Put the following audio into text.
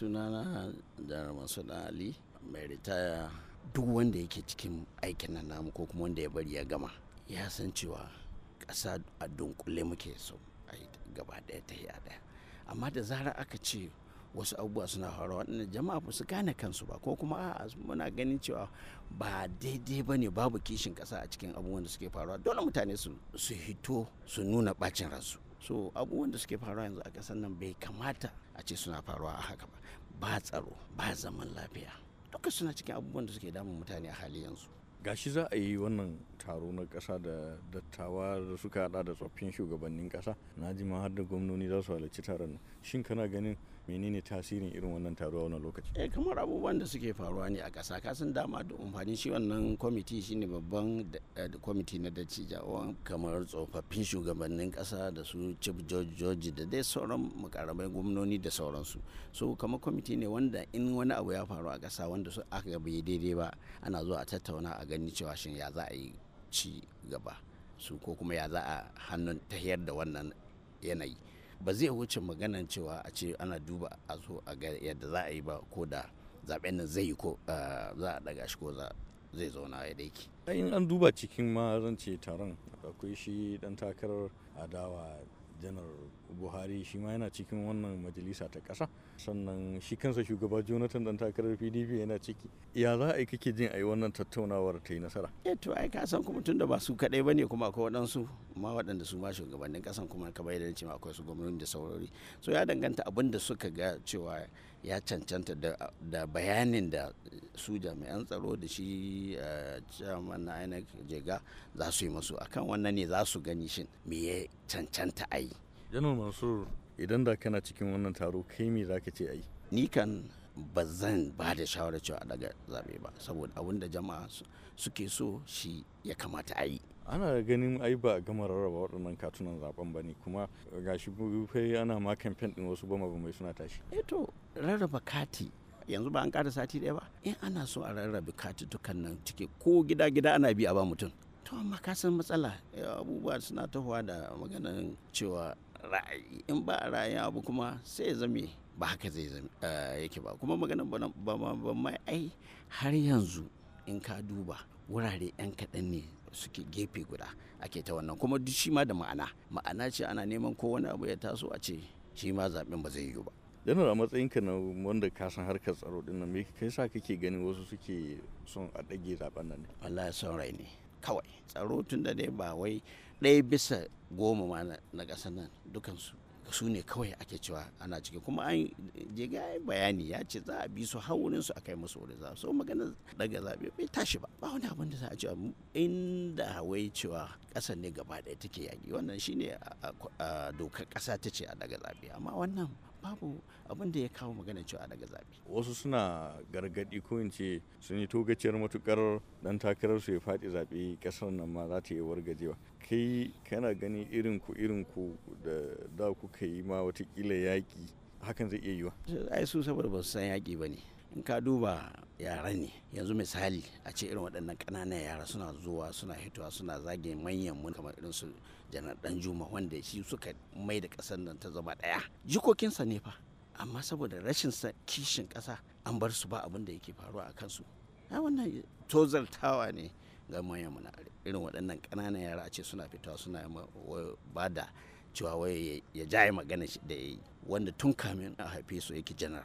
sunana jarumar masu ali mai ritaya duk wanda yake cikin aikin nan namu ko kuma wanda ya bari ya gama ya san cewa kasa a dunkule muke so a gaba ɗaya ta yi ɗaya amma da zarar aka ce wasu abubuwa suna faruwa waɗanda jama'a ba su gane kansu ba ko kuma a'a muna ganin cewa ba daidai ba ne babu kishin ƙasa a cikin abubuwan da suke faruwa dole mutane su hito su nuna ɓacin ransu so abubuwan da suke faruwa yanzu a ƙasar nan bai kamata a ce suna faruwa a haka ba ba tsaro ba zaman lafiya duka suna cikin abubuwan da suke damun mutane a hali yanzu gashi za a yi wannan taro na kasa da dattawa da suka hada da tsoffin shugabannin kasa na ji ma har da gwamnoni za su halarci taron shin kana ganin menene tasirin irin wannan taro a wannan lokaci eh kamar abubuwan da suke faruwa ne a ƙasa kasan dama da umfani shi wannan kwamiti shine babban eh, kwamiti na jawon kamar tsofaffin shugabannin ƙasa da su chief george george da dai sauran mukarabai gwamnoni da sauransu so kamar kwamiti ne wanda in wani abu ya faru a ƙasa wanda su aka bai daidai ba ana zuwa a tattauna a gani cewa shin ya za a yi ci gaba su ko kuma ya za a hannun tahiyar da wannan yanayi ba zai wuce maganan cewa a ce ana duba a zo a ga yadda za a yi ba ko da zaben nan zai yi ko za a daga shi ko zai zauna ya daiki in an duba cikin ma zan ce taron akwai shi dan takarar adawa janar buhari shi ma yana cikin wannan majalisa ta kasa sannan shi kansa shugaba jonathan dan takarar pdp yana ciki ya za a yi kake jin a yi wannan tattaunawar ta yi nasara eh to ai ka san kuma tun da ba su kaɗai ba ne kuma akwai waɗansu amma waɗanda su ma shugabannin ƙasan kuma kamar yadda ce akwai su gwamnati da saurari so ya danganta abin da suka ga cewa ya cancanta da bayanin da su jami'an tsaro da shi eh, chairman na INEC jega za su yi masu akan wannan ne za su gani shin me ya cancanta a yi janar mansur idan da kana cikin wannan taro kai me za ka ce a yi ni kan ba zan ba da shawarar cewa a daga zaɓe ba saboda abin da jama'a suke so shi ya kamata a yi ana ganin ai ba gama rarraba waɗannan katunan zaben ba ne kuma gashi fai ana ma kamfen ɗin wasu bama mai suna tashi eh to rarraba kati yanzu ba an ƙara sati ɗaya ba in ana so a rarraba kati katutukan nan cike ko gida gida ana bi a ba mutum to amma ka san matsala eh, abubuwa suna tahowa da maganin cewa ra'ayi in ba a ra'ayin abu kuma sai ya zame ba haka zai zame eh, yake ba kuma maganin ba ma ai har yanzu in ka duba wurare 'yan kaɗan ne suke gefe guda ake ta wannan kuma duk shi ma da ma'ana ma'ana ce ana neman ko wani abu ya taso a ce shi ma zaɓen ba zai yiwu ba janar a matsayinka na wanda ka san harkar tsaro din nan me kai sa kake ganin wasu suke son a ɗage zaɓen nan wallahi son rai ne kawai tsaro tun da dai ba wai ɗaya bisa goma ma na ƙasar nan dukansu su ne kawai ake cewa ana ciki kuma an je ga bayani ya ce za a bi su haurin su akai musu wurin zaɓe su magana daga zaɓe bai tashi ba ba wani abin da za a cewa inda wai cewa ƙasar ne gaba ɗaya take yaƙi wannan shine dokar ƙasa ta ce a daga zaɓe amma wannan babu abin da ya kawo magana cewa daga zaɓe. wasu suna gargaɗi ko in ce sun yi togaciyar matukar dan takarar su ya faɗi zaɓe ƙasar nan ma za ta yi wargajewa kai kana gani irin ku irin ku da da kuka yi ma watakila yaƙi hakan zai iya yiwa. ai su saboda ba su san yaƙi ba ne in ka duba yara ne yanzu misali a ce irin waɗannan ƙananan yara suna zuwa suna hitowa suna zage manyan mu kamar irin su janar dan juma wanda shi suka mai da ƙasar nan ta zama ɗaya jikokinsa ne fa amma saboda rashin kishin ƙasa an bar su ba abin da yake faruwa a kansu ya wannan tozartawa ne ga manyan mun irin waɗannan ƙananan yara a ce suna fitowa suna ba da cewa ya jaye magana da ya yi wanda tun kamin a haife su yake janar